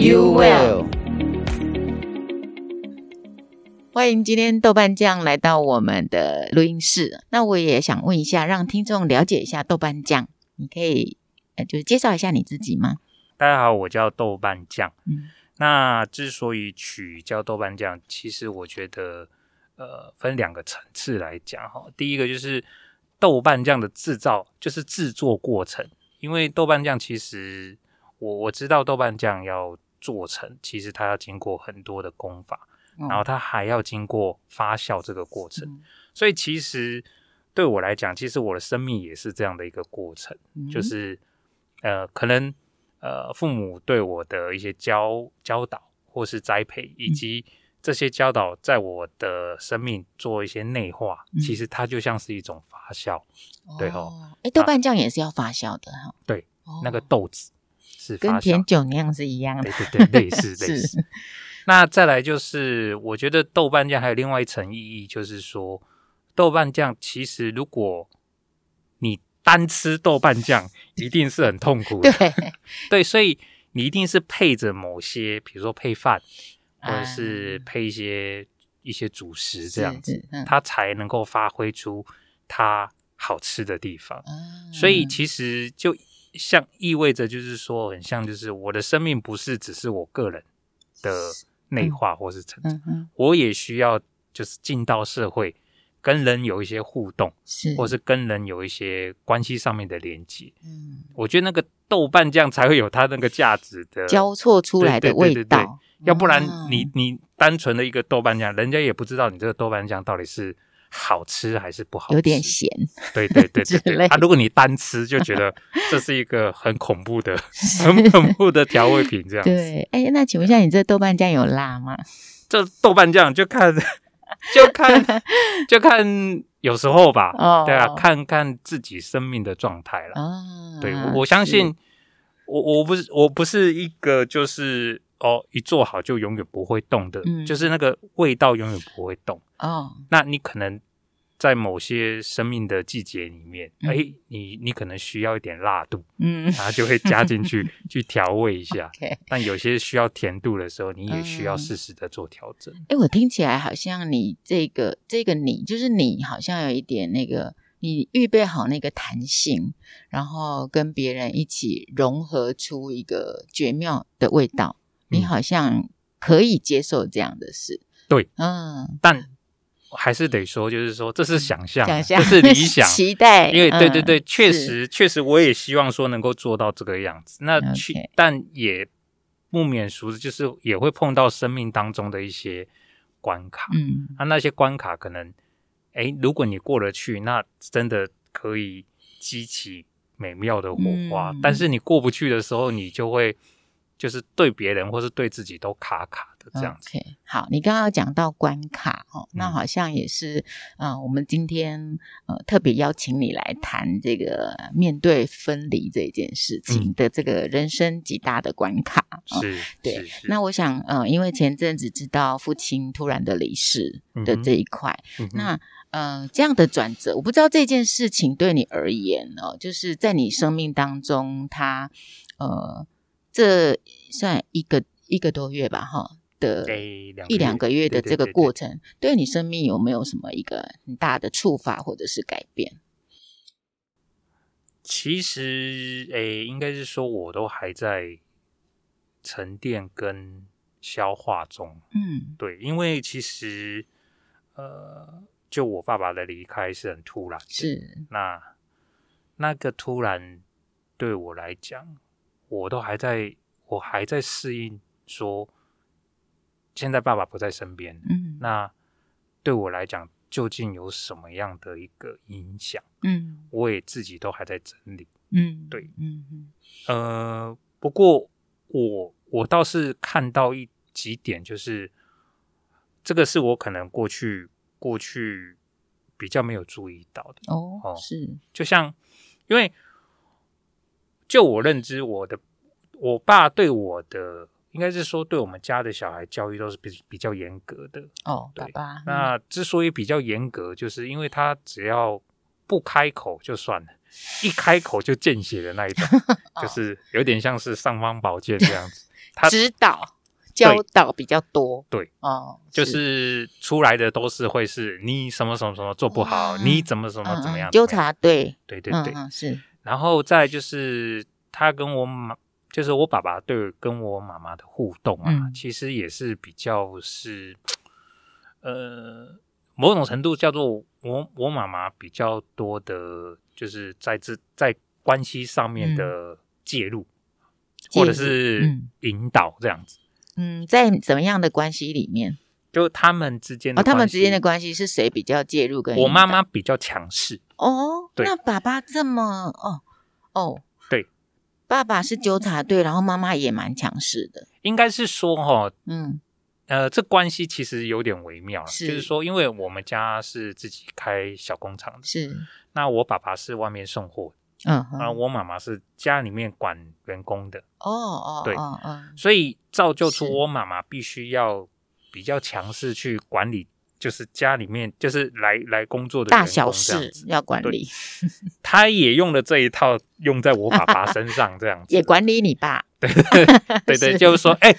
You will，歡迎今天豆瓣醬來到我們的錄音室。那我也想問一下，讓聽眾了解一下豆瓣醬，你可以呃，就是介紹一下你自己嗎？大家好，我叫豆瓣醬。嗯，那之所以取叫豆瓣醬，其實我覺得呃，分兩個層次來講哈。第一個就是豆瓣醬的制造，就是制作過程，因為豆瓣醬其實我我知道豆瓣醬要做成，其實它要經過很多的功法，哦、然後它還要經過發酵這個過程，嗯、所以其實對我來講，其實我的生命也是這樣的一個過程，嗯、就是呃，可能呃，父母對我的一些教教導或是栽培，嗯、以及這些教導在我的生命做一些內化，嗯、其實它就像是一種發酵，哦對哦齁，豆瓣醬也是要發酵的哈、哦，對，哦、那個豆子。是跟甜酒釀是一樣的，對，對對對，類似類似。 是那再來就是，我覺得豆瓣醬還有另外一層意義，就是說豆瓣醬其實如果你單吃豆瓣醬，一定是很痛苦的。對， 對，所以你一定是配着某些，比如說配飯，或者是配一些、嗯、一些主食這樣子，是是嗯、它才能夠發揮出它好吃的地方。嗯、所以其實就。像意味着，就是說，很像就是我的生命不是只是我個人的內化或是成長，我也需要就是進到社會，跟人有一些互動，或是跟人有一些關係上面的連接。我覺得那個豆瓣醬才會有它那個價值的交錯出來的味道。對對對，要不然你你單純的一個豆瓣醬，人家也不知道你這個豆瓣醬到底是。好吃還是不好吃？有點鹹。對對對對，對啊，如果你單吃，就覺得這是一個很恐怖的、 很恐怖的調味品。這樣子。 對，哎、欸，那請問一下，你這豆瓣醬有辣嗎？這豆瓣醬就看，就看，就看有時候吧， 對啊，看看自己生命的狀態了。 啊、對，我，我相信我，我我不是我不是一個就是。哦，oh, 一做好就永遠不會動的，嗯、就是那個味道永遠不會動。哦，那你可能在某些生命的季節裡面，誒、嗯，欸，你你可能需要一點辣度，嗯，然後就會加進去、嗯、去調味一下。 okay 但有些需要甜度的時候，你也需要適時的做調整。誒、嗯，欸，我聽起來好像你這個這個你就是你，好像有一點那個，你預備好那個彈性，然後跟別人一起融合出一個絕妙的味道。你好像可以接受這樣的事，對，嗯，但還是得說，就是說這是想象，這是理想期待。因為對對對，確實確實，我也希望說能夠做到這個樣子。那去，但也不免俗的，就是也會碰到生命當中的一些關卡。嗯，那那些關卡可能，哎，如果你過得去，那真的可以激起美妙的火花。但是你過不去的時候，你就會。就是對別人或是對自己都卡卡的這樣子。Okay, 好，你剛剛講到關卡哦，那好像也是嗯、呃，我們今天呃特別邀請你來談這個面對分離這件事情的這個人生極大的關卡。嗯呃、是，對。是是那我想，嗯、呃，因為前陣子知道父親突然的離世的這一塊，嗯嗯、那呃這樣的轉折，我不知道這件事情對你而言哦、呃，就是在你生命當中，他呃。這算一個一個多月吧，哈的，一兩個月的這個過程，對你生命有沒有什麼一個很大的觸發或者是改變？其實，誒、欸，應該是說我都還在沉澱跟消化中。嗯，對，因為其實，呃，就我爸爸的離開是很突然的，是那那個突然對我來講。我都還在，我還在適應，說現在爸爸不在身邊，嗯，那對我來講，究竟有什麼樣的一個影響？嗯，我也自己都還在整理。嗯，對，嗯嗯呃，不過我我倒是看到一幾點，就是這個是我可能過去過去比較沒有注意到的哦哦，嗯，是，就像因為。就我認知，我的我爸對我的，應該是說對我們家的小孩教育都是比比較嚴格的哦，對吧？那之所以比較嚴格，就是因為他只要不開口就算了，一開口就見血的那一種，就是有點像是尚方寶劍這樣子。他指導教導比較多，對，哦，就是出來的都是會是你什麼什麼什麼做不好，你怎麼怎麼怎麼樣糾察，對，對對對，是。然後再就是他跟我媽，就是我爸爸對跟我媽媽的互動啊，其實也是比較是，呃，某種程度叫做我我媽媽比較多的，就是在這在關係上面的介入，或者是引導這樣子。嗯，在怎麼樣的關係裡面？就他們之間，哦，他們之間的關係是誰比較介入？跟我媽媽比較強勢。哦，那爸爸這麼哦對哦，哦對，爸爸是糾察隊，然後媽媽也蠻強勢的，應該是說哈、哦，嗯呃，這關係其實有點微妙了、啊，是就是說，因為我們家是自己開小工廠的，是那我爸爸是外面送貨，嗯啊哼，然後我媽媽是家裡面管員工的，哦哦，哦哦，對嗯嗯，所以造就出我媽媽必須要比較強勢去管理。就是家裡面就是來來工作的員工大小事要管理，他也用了這一套用在我爸爸身上，這樣子 也管理你爸。對對對 是就是說，哎、欸，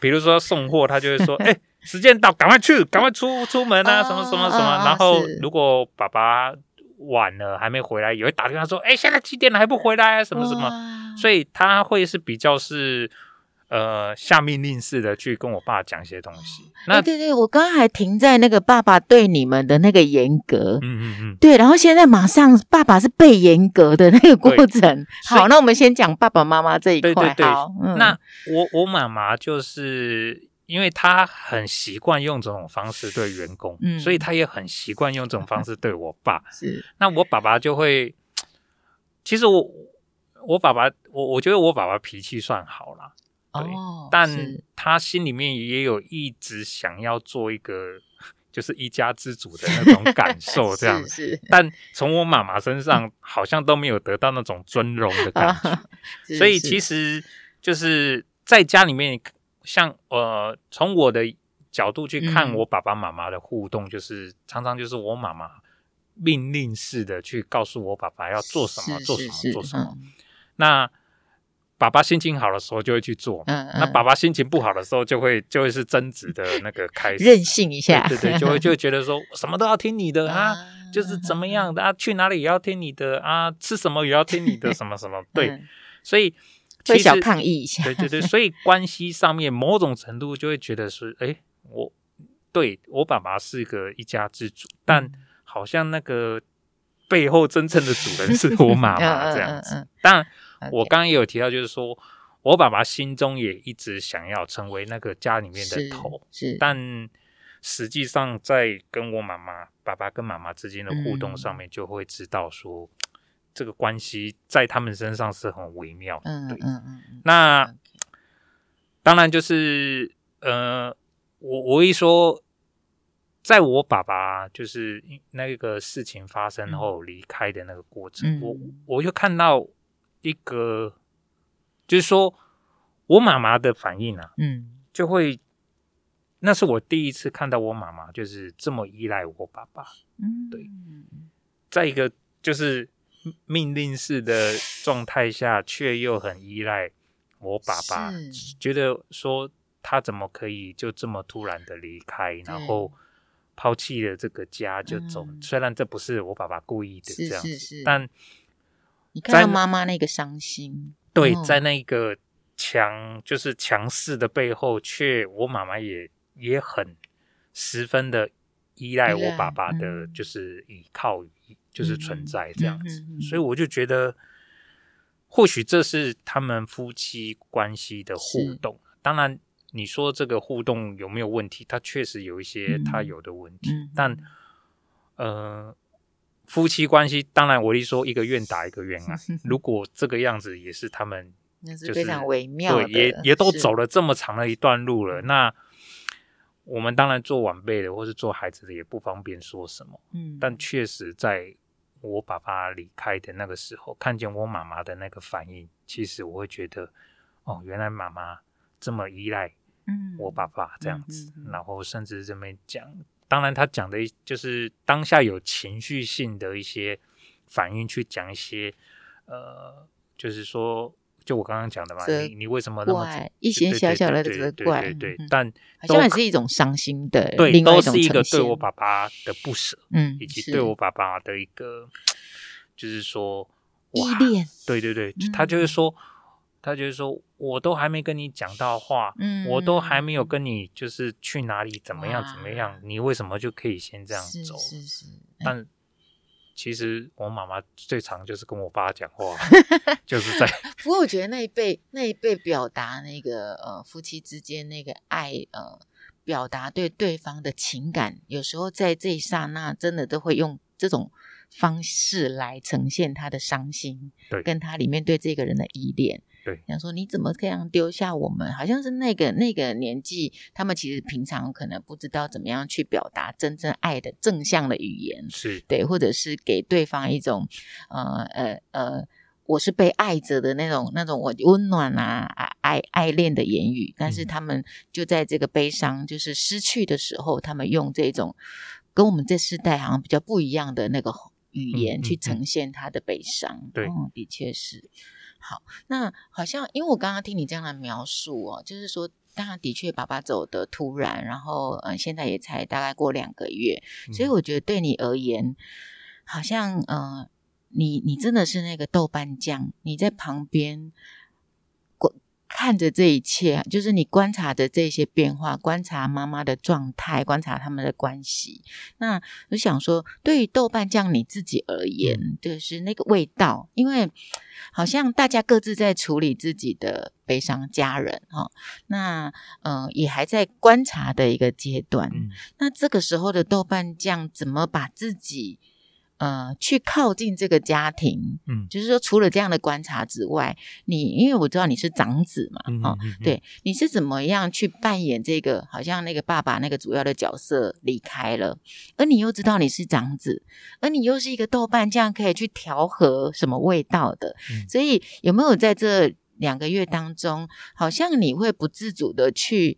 比如說送貨，他就會說，哎、欸，時間到，趕快去，趕快出出門啊， 什麼什麼什麼。然後如果爸爸晚了還沒回來，也會打電話說，哎、欸，現在幾點了還不回來啊，什麼什麼。 所以他會是比較是。呃，下命令似的去跟我爸講一些東西。那、哎、對對，我剛剛還停在那個爸爸對你們的那個嚴格，嗯嗯嗯，對。然後現在馬上，爸爸是被嚴格的那個過程。對，好，所以，那我們先講爸爸媽媽這一塊。對對對好，嗯、那我我媽媽就是，因為她很習慣用這種方式對員工，嗯、所以她也很習慣用這種方式對我爸。 是，那我爸爸就會，其實我我爸爸，我我覺得我爸爸脾氣算好啦。對，但他心裡面也有一直想要做一個就是一家之主的那種感受這樣子， 是是，但從我媽媽身上好像都沒有得到那種尊榮的感覺， 是是，所以其實就是在家裡面像，像呃，從我的角度去看我爸爸媽媽的互動，就是，嗯、常常就是我媽媽命令式的去告訴我爸爸要做什麼，是是是，做什麼，是是，做什麼，嗯、那。爸爸心情好的時候就會去做，嗯嗯，那爸爸心情不好的時候就會就會是爭執的那個開始。任性一下，對對，就會就會覺得說 什麼都要聽你的啊，就是怎麼樣的啊，去哪裡也要聽你的啊，吃什麼也要聽你的 什麼什麼，對，所以最小抗議一下，對對對，所以關係上面某種程度就會覺得說，誒，我對我爸爸是個一家之主， 但好像那個背後真正的主人是我媽媽這樣子，但。Okay. 我剛剛也有提到，就是說我爸爸心中也一直想要成為那個家裡面的頭，但實際上在跟我媽媽、爸爸跟媽媽之間的互動上面，就會知道說這個關係在他們身上是很微妙的。嗯對嗯那 Okay. 當然就是呃，我我一說，在我爸爸就是那個事情發生後離開的那個過程，嗯、我我就看到。一個就是說我媽媽的反應啊，嗯，就會那是我第一次看到我媽媽就是這麼依賴我爸爸，對，在一個就是命令式的狀態下，卻又很依賴我爸爸，覺得說他怎麼可以就這麼突然的離開，然後拋棄了這個家就走，雖然這不是我爸爸故意的這樣但。你看到媽媽那個傷心，對，哦、在那個強就是強勢的背後，卻我媽媽也也很十分的依賴我爸爸的就是依靠，yeah, 就是依靠，嗯、就是存在這樣子，嗯嗯嗯嗯嗯、所以我就覺得，或許這是他們夫妻關係的互動。是當然，你說這個互動有沒有問題？他確實有一些他有的問題，嗯嗯嗯、但，呃。夫妻關係，當然我一說一個願打一個願挨，啊。 如果這個樣子也是他們，就是，那是非常微妙的。對，也也都走了這麼長的一段路了。是那我們當然做晚輩的，或是做孩子的，也不方便說什麼。嗯，但確實在我爸爸離開的那個時候，看見我媽媽的那個反應，其實我會覺得，哦，原來媽媽這麼依賴，嗯，我爸爸這樣子，嗯嗯嗯嗯，然後甚至這麼講。當然，他講的就是當下有情緒性的一些反應，去講一些呃，就是說，就我剛剛講的嘛，以你你為什麼那麼一些小小的責怪？對對，對，對，對，對對，嗯、但都好像也是一種傷心的，對，都是一個對我爸爸的不捨，嗯，以及對我爸爸的一個，是就是說依戀。對對對，嗯、他就是說。他就是說，我都還沒跟你講到話，嗯，我都還沒有跟你，就是去哪裡，怎麼樣，怎麼樣，你為什麼就可以先這樣走？是是是。嗯、但其實我媽媽最常就是跟我爸講話， 就是在。 不過我覺得那一輩那一輩表達那個呃夫妻之間那個愛呃，表達對對方的情感，有時候在這一剎那，真的都會用這種方式來呈現他的傷心，對，跟他裡面對這個人的依戀。對，想說你怎麼這樣丟下我們？好像是那個那個年紀，他們其實平常可能不知道怎麼樣去表達真正愛的正向的語言，是的對，或者是給對方一種，呃呃呃，我是被愛着的那種那種我溫暖啊愛愛戀的言語。但是他們就在這個悲傷就是失去的時候，他們用這種跟我們這世代好像比較不一樣的那個語言去呈現他的悲傷。嗯嗯嗯、對、嗯，的確是。好，那好像因為我剛剛聽你這樣的描述哦、啊，就是說，當然的確爸爸走得突然，然後嗯、呃，現在也才大概過兩個月，嗯、所以我覺得對你而言，好像呃，你你真的是那個豆瓣醬，你在旁邊。看着這一切，就是你觀察着這些變化，觀察媽媽的狀態，觀察他們的關係。那我想說，對於豆瓣醬你自己而言，嗯，就是那個味道，因為好像大家各自在處理自己的悲傷，家人，哦，那嗯，呃，也還在觀察的一個階段。嗯，那這個時候的豆瓣醬，怎麼把自己？呃，去靠近這個家庭，嗯，就是說，除了這樣的觀察之外，你因為我知道你是長子嘛，哦、嗯，嗯，嗯，嗯，對，你是怎麼樣去扮演這個好像那個爸爸那個主要的角色離開了，而你又知道你是長子，而你又是一個豆瓣醬可以去調和什麼味道的，嗯、所以有沒有在這兩個月當中，好像你會不自主的去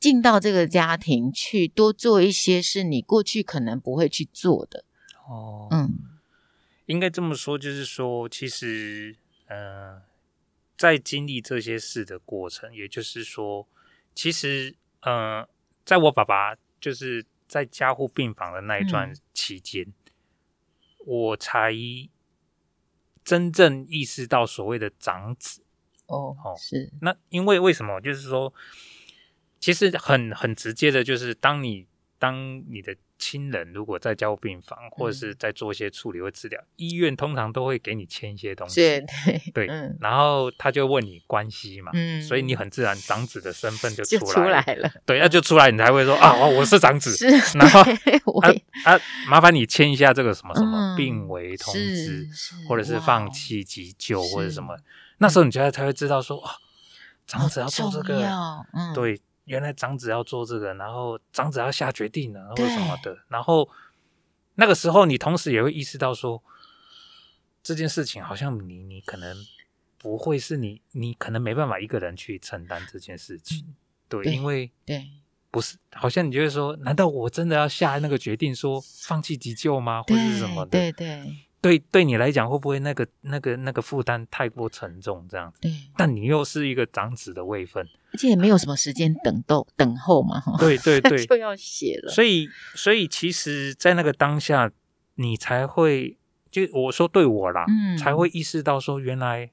進到這個家庭去多做一些是你過去可能不會去做的？哦，嗯，應該這麼說，就是說，其實，嗯、呃，在經歷這些事的過程，也就是說，其實，嗯、呃，在我爸爸就是在加護病房的那一段期間，嗯、我才真正意識到所謂的長子。哦，哦，是。那因為為什麼？就是說，其實很很直接的，就是當你。當你的親人如果在加護病房，或者是在做一些處理或治療，醫院通常都會給你簽一些東西，對，然後他就問你關係嘛，所以你很自然長子的身份就出來了，對，那就出來，你才會說啊，我是長子，然後啊啊，麻煩你簽一下這個什麼什麼病危通知，或者是放棄急救或者什麼，那時候你就才會知道說啊，長子要做這個，對。.原來長子要做這個，然後長子要下決定啊，或者什麼的。對然後那個時候，你同時也會意識到說，這件事情好像你你可能不會是你，你可能沒辦法一個人去承擔這件事情。對，對，因為不是好像，你就會說，難道我真的要下那個決定說放棄急救嗎，或者是什麼的？對對。對對。對，對你來講會不會那個、那個、那個負擔太過沉重？這樣子。對。但你又是一個長子的位分，而且也沒有什麼時間等待、等候嘛。對對 對，對對 就要寫了。所以，所以其實，在那個當下，你才會就我說對我啦，嗯、才會意識到說，原來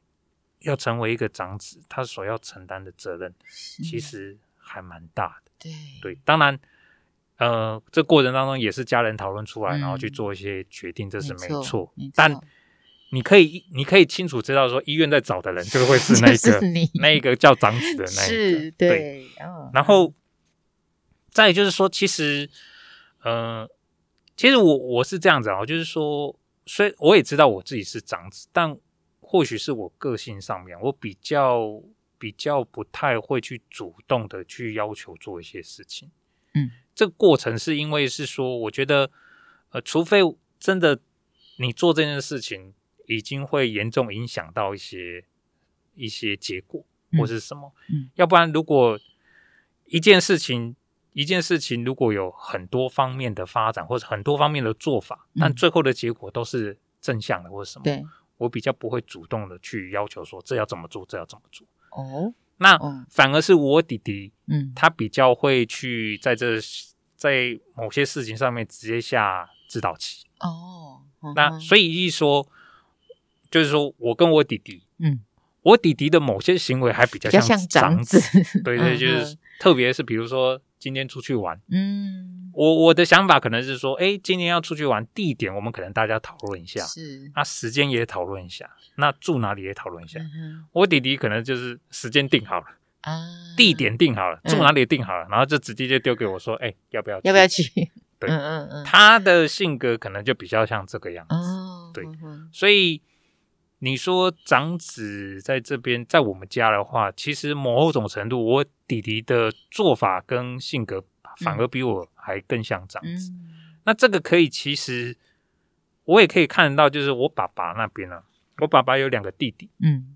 要成為一個長子，他所要承擔的責任是其實還蠻大的。對對，當然。呃，這過程當中也是家人討論出來，嗯、然後去做一些決定，這是沒錯。沒錯，但你可以，沒錯，你可以清楚知道說，醫院在找的人就會是那個，那個叫長子的那，那個 對。對嗯、然後，再就是說，其實，呃，其實我我是這樣子啊，就是說，雖我也知道我自己是長子，但或許是我個性上面，我比較比較不太會去主動的去要求做一些事情，嗯。這個過程是因為是說，我覺得，呃，除非真的你做這件事情已經會嚴重影響到一些一些結果或是什麼，嗯嗯、要不然如果一件事情一件事情如果有很多方面的發展或者很多方面的做法，但最後的結果都是正向的或是什麼，嗯、對，我比較不會主動的去要求說這要怎麼做，這要怎麼做，哦。那反而是我弟弟，嗯，他比較會去在這在某些事情上面直接下指導棋哦。嗯、那所以一說，就是說我跟我弟弟，嗯，我弟弟的某些行為還比較像長子，對對，就是特別是比如說。今天出去玩，嗯，我我的想法可能是說，欸，今天要出去玩，地點我們可能大家討論一下，是，那時間也討論一下，那住哪裡也討論一下。嗯哼，我弟弟可能就是時間定好了，啊，嗯，地點定好了，嗯，住哪裡也定好了，然後就直接就丟給我說，嗯，欸，要不要要不要去？要不要去，對，嗯嗯嗯，他的性格可能就比較像這個樣子，嗯哼，對，所以你說長子在這邊，在我們家的話，其實某種程度我。弟弟的做法跟性格反而比我還更像長子。嗯、那這個可以其實我也可以看得到，就是我爸爸那邊啊，我爸爸有兩個弟弟，嗯，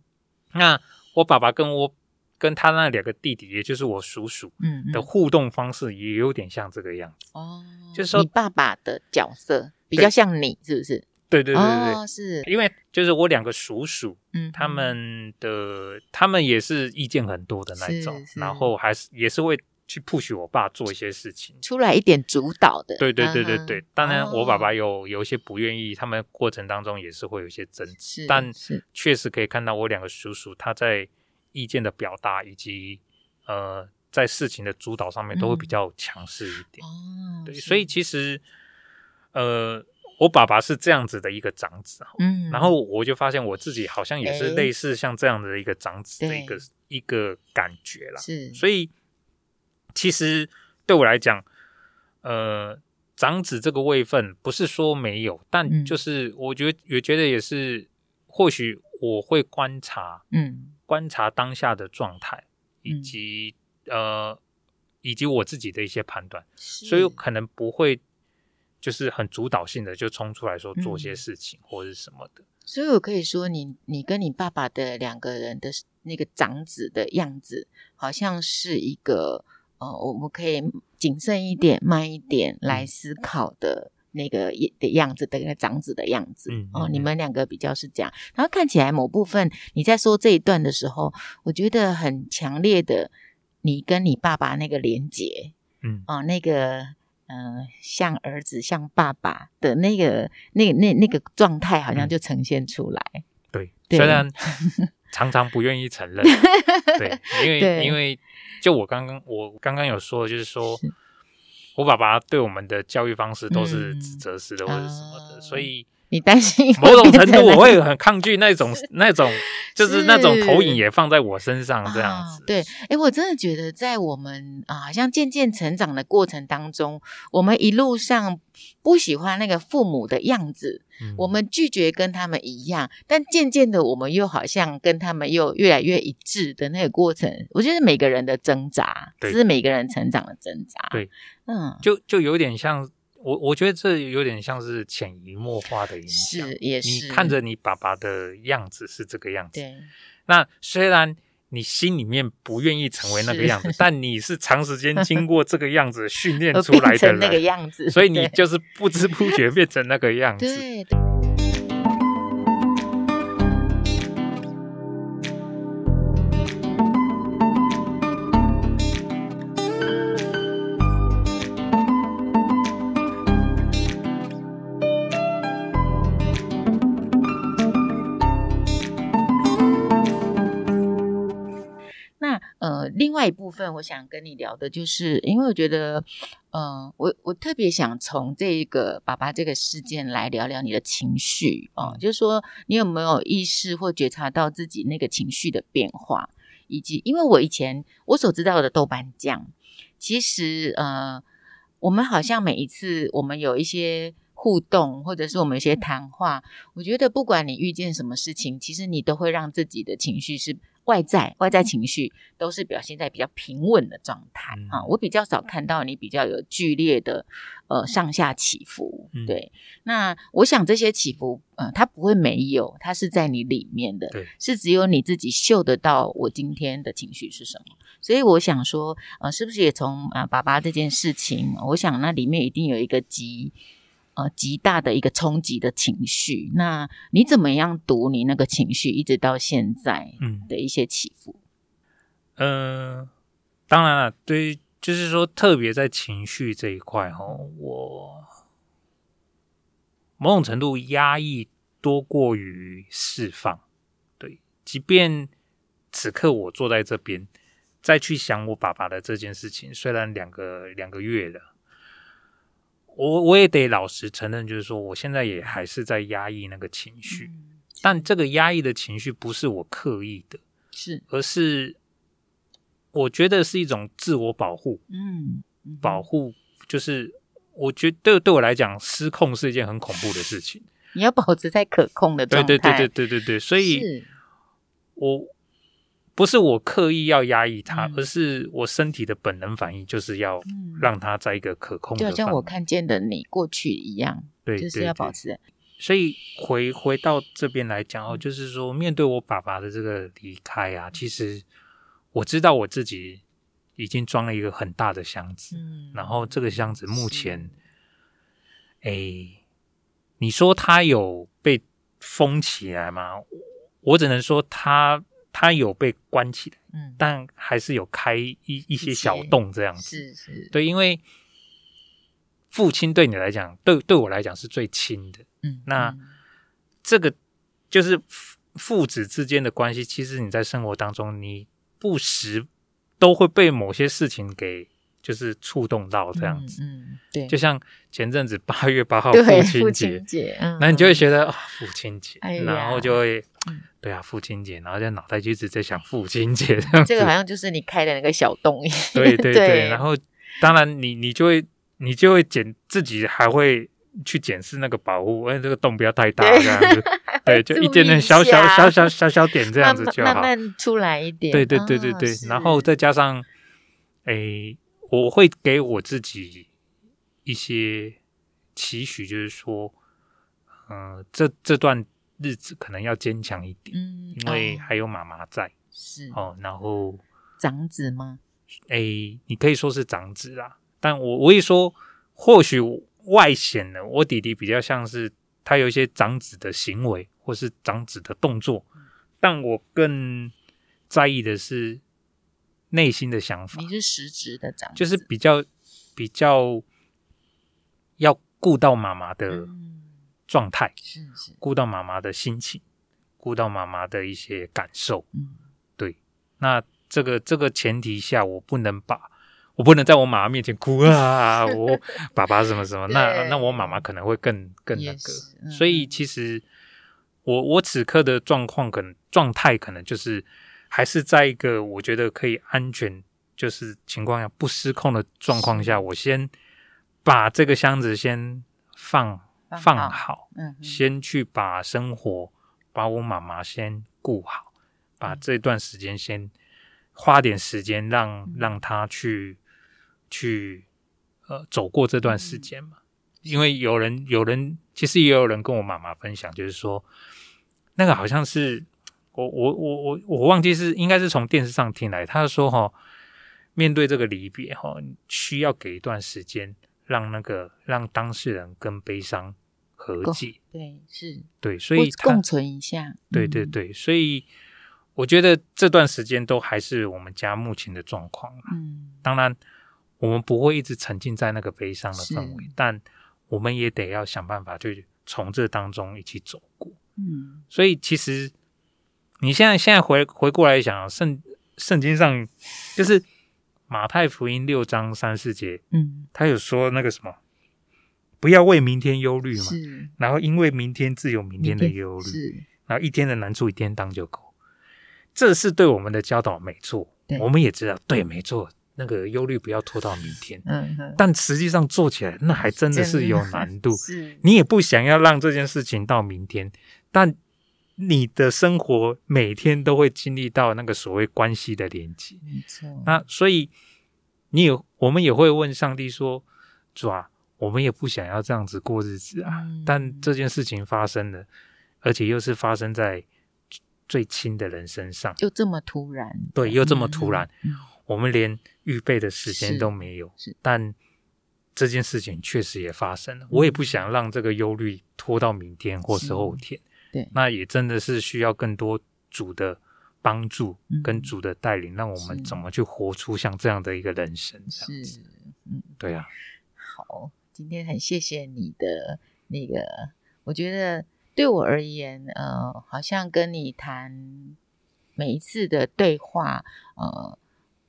那我爸爸跟我跟他那兩個弟弟，也就是我叔叔，嗯的互動方式也有點像這個樣子，哦、嗯嗯，就是說你爸爸的角色比較像你，對是不是？對對對對、哦、是因為就是我兩個叔叔，嗯、他們的他們也是意見很多的那種，然後還是也是會去 push 我爸做一些事情，出來一點主導的。對對對對對，嗯、當然我爸爸有、哦、有一些不願意，他們過程當中也是會有一些爭執，是是，但確實可以看到我兩個叔叔他在意見的表達以及呃在事情的主導上面都會比較強勢一點。嗯、對、哦、所以其實呃。我爸爸是這樣子的一個長子，嗯，然後我就發現我自己好像也是類似像這樣的一個長子的一個、欸、一個感覺了，是。所以其實對我來講，呃，長子這個位分不是說沒有，但就是我覺得、嗯、也覺得也是，或許我會觀察，嗯，觀察當下的狀態，嗯、以及呃，以及我自己的一些判斷，是，所以可能不會。就是很主導性的，就衝出來說做些事情、嗯、或是什麼的。所以我可以說你，你你跟你爸爸的兩個人的那個長子的樣子，好像是一個呃，我們可以謹慎一點、慢一點來思考的那個的樣子的、嗯、長子的樣子。呃、嗯，哦、嗯呃，你們兩個比較是這樣。然後看起來某部分你在說這一段的時候，我覺得很強烈的，你跟你爸爸那個連結，呃、嗯，哦、呃，那個。嗯、呃，像兒子像爸爸的那個、那那那，那個狀態，好像就呈現出來。嗯、對，對，雖然常常不願意承認。 對，因為對因為就我剛剛我剛剛有說，就是說是我爸爸對我們的教育方式都是指責式的、嗯、或者什麼的，嗯、所以。你擔心某種程度，我會很抗拒那種 那種，就是那種投影也放在我身上這樣子。對，誒、欸，我真的覺得，在我們啊，好像漸漸成長的過程當中，我們一路上不喜歡那個父母的樣子，嗯、我們拒絕跟他們一樣，但漸漸的，我們又好像跟他們又越來越一致的那個過程，我覺得每個人的掙扎，對是每個人成長的掙扎。對，嗯，就就有點像。我我覺得這有點像是潛移默化的影響，是也是。你看着你爸爸的樣子是這個樣子，對。那雖然你心裡面不願意成為那個樣子，是但你是長時間經過這個樣子訓練出來的人 那個樣子，所以你就是不知不覺變成那個樣子，對。對對另外一部分，我想跟你聊的，就是因為我覺得，嗯、呃，我我特別想從這個爸爸這個事件來聊聊你的情緒啊、呃，就是說你有沒有意識或覺察到自己那個情緒的變化，以及因為我以前我所知道的豆瓣醬，其實呃，我們好像每一次我們有一些互動，或者是我們有一些談話，嗯，我覺得不管你遇見什麼事情，其實你都會讓自己的情緒是。外在外在情緒都是表現在比較平穩的狀態、嗯、啊，我比較少看到你比較有劇烈的呃上下起伏。嗯、對，那我想這些起伏嗯、呃，它不會沒有，它是在你裡面的，對是只有你自己嗅得到我今天的情緒是什麼。所以我想說，呃，是不是也從啊、呃、爸爸這件事情，我想那裡面一定有一個機。呃，極大的一個衝擊的情緒，那你怎麼樣讀你那個情緒一直到現在的一些起伏？嗯、呃，當然了，對，就是說特別在情緒這一塊哦，我某種程度壓抑多過於釋放。對，即便此刻我坐在這邊再去想我爸爸的這件事情，雖然兩個兩個月了。我我也得老實承認，就是說，我現在也還是在壓抑那個情緒，嗯、但這個壓抑的情緒不是我刻意的，是而是我覺得是一種自我保護，嗯，保護就是我覺得對對我來講失控是一件很恐怖的事情，你要保持在可控的狀態，對對對對對對對，所以是，我。不是我刻意要壓抑它，嗯、而是我身體的本能反應就是要讓它在一個可控的，就像我看見的你過去一樣，對就是要保持對對對。所以回回到這邊來講、嗯、哦，就是說面對我爸爸的這個離開啊，其實我知道我自己已經裝了一個很大的箱子，嗯、然後這個箱子目前，哎是，你說它有被封起來嗎？我我只能說它。他有被關起來，嗯、但還是有開一一些小洞這樣子，是是，對，因為父親對你來講，對對我來講是最親的，嗯、那這個就是父子之間的關係。其實你在生活當中，你不時都會被某些事情給就是觸動到這樣子，嗯嗯、就像前陣子八月八號父親節，親節嗯、那你就會覺得啊、嗯哦，父親節，哎、呀然後就會。嗯對啊，父親節，然後在腦袋就一直在想父親節這樣子。這個好像就是你開的那個小洞一樣。對對對，然後當然你你就會你就會檢自己還會去檢視那個保護，而且這個洞不要太大這樣子。對，就一點點小小小小小小點這樣子就好。慢慢出來一點。對對對對對，然後再加上，誒我會給我自己一些期許，就是說，嗯，這這段。日子可能要堅強一點，嗯、因為還有媽媽在。哦是哦，然後長子嗎？誒、欸，你可以說是長子啦、啊。但我我一說，或許外顯的我弟弟比較像是他有一些長子的行為或是長子的動作，但我更在意的是內心的想法。你是實質的長子，就是比較比較要顧到媽媽的、嗯。狀態，顧到媽媽的心情，顧到媽媽的一些感受，嗯、對。那這個這個前提下，我不能把我不能在我媽媽面前哭啊， 我爸爸什麼什麼，對那那我媽媽可能會更更那個。Yes, 嗯、所以其實我我此刻的狀況，可能狀態可能就是還是在一個我覺得可以安全，就是情況下不失控的狀況下，是我先把這個箱子先放。放好，嗯哼，先去把生活把我媽媽先顧好，把這段時間先花點時間讓、嗯、讓她去去呃走過這段時間嘛。嗯、因為有人有人其實也有人跟我媽媽分享，就是說那個好像是我我我我我忘記是應該是從電視上聽來，他說哦，面對這個離別哈、哦，需要給一段時間讓那個讓當事人更悲傷。合計對是，對所以共存一下，嗯、對對對，所以我覺得這段時間都還是我們家目前的狀況。嗯，當然我們不會一直沉浸在那個悲傷的氛圍，是但我們也得要想辦法就從這當中一起走過。嗯，所以其實你現在現在回回過來想、啊，聖聖經上就是馬太福音六章三四節，嗯，他有說那個什麼。不要為明天憂慮嘛，是然後因為明天自有明天的憂慮，然後一天的難處一天當就夠，這是對我們的教導，沒錯。對我們也知道對，沒錯，那個憂慮不要拖到明天。嗯嗯。嗯，但實際上做起來那還真的是有難度，嗯嗯，你也不想要讓這件事情到明天，是但你的生活每天都會經歷到那個所謂關係的連結，沒錯。那所以你也我們也會問上帝說：主我們也不想要這樣子過日子啊，但這件事情發生了，而且又是發生在最親的人身上，又這麼突然，對，又這麼突然，我們連預備的時間都沒有。但這件事情確實也發生了。我也不想讓這個憂慮拖到明天或是後天。對，那也真的是需要更多主的幫助跟主的帶領，讓我們怎麼去活出像這樣的一個人生？是，嗯，對啊，好。今天很謝謝你的那個，我覺得對我而言，呃，好像跟你談每一次的對話，呃，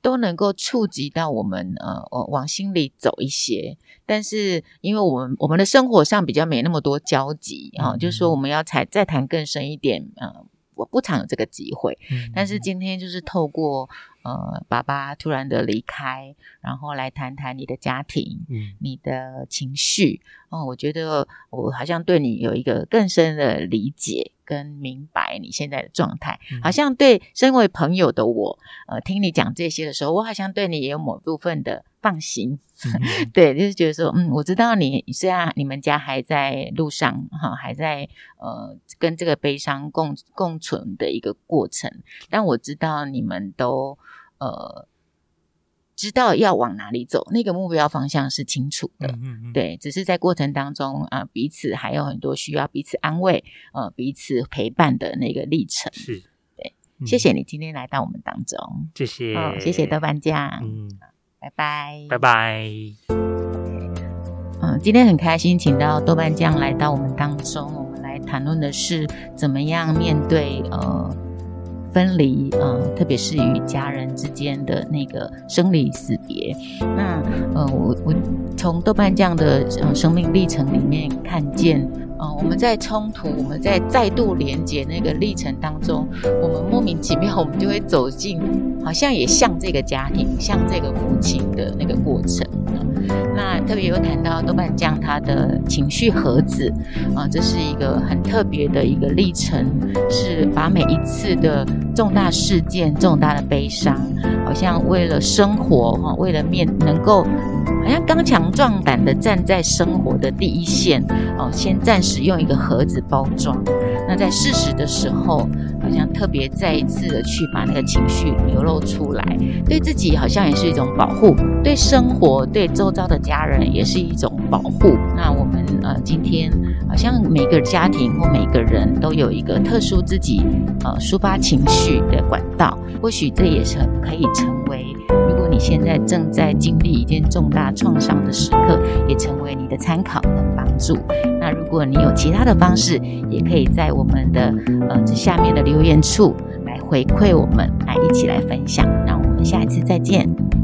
都能夠觸及到我們，呃，往心裡走一些。但是因為我們我們的生活上比較沒那麼多交集啊，嗯、就是說我們要才再談更深一點，呃，我不常有這個機會。嗯、但是今天就是透過。呃、嗯，爸爸突然的離開，然後來談談你的家庭，嗯，你的情緒，哦、嗯，我覺得我好像對你有一個更深的理解。跟明白你現在的狀態，好像對身為朋友的我，呃，聽你講這些的時候，我好像對你也有某部分的放心，嗯嗯 對，就是覺得說，嗯，我知道你雖然你們家還在路上，哈、啊，還在呃，跟這個悲傷共共存的一個過程，但我知道你們都呃。知道要往哪裡走，那個目標方向是清楚的。嗯嗯對，只是在過程當中啊、呃，彼此還有很多需要彼此安慰，呃，彼此陪伴的那個歷程。是，對，嗯、謝謝你今天來到我們當中。謝謝、哦，謝謝豆瓣醬。嗯，拜拜，拜拜。嗯，今天很開心，請到豆瓣醬來到我們當中，我們來談論的是怎麼樣面對呃。分離啊，呃，特別是與家人之間的那個生離死別。那，呃，我我從豆瓣醬的呃生命歷程裡面看見。啊、哦，我們在衝突，我們在再度連接那個歷程當中，我們莫名其妙，我們就會走進，好像也像這個家庭，像這個父親的那個過程。哦、那特別有談到豆瓣醬他的情緒盒子啊、哦，這是一個很特別的一個歷程，是把每一次的重大事件、重大的悲傷，好像為了生活哈、哦，為了面能夠好像剛強壯膽的站在生活的第一線哦，先暫時。只用一個盒子包裝，那在適時的時候，好像特別再一次的去把那個情緒流露出來，對自己好像也是一種保護，對生活、對周遭的家人也是一種保護。那我們呃，今天好像每個家庭或每個人都有一個特殊自己呃抒發情緒的管道，或許這也是可以成為。你現在正在經歷一件重大創傷的時刻，也成為你的參考和幫助。那如果你有其他的方式，也可以在我們的呃這下面的留言處來回饋我們，來一起來分享。那我們下一次再見。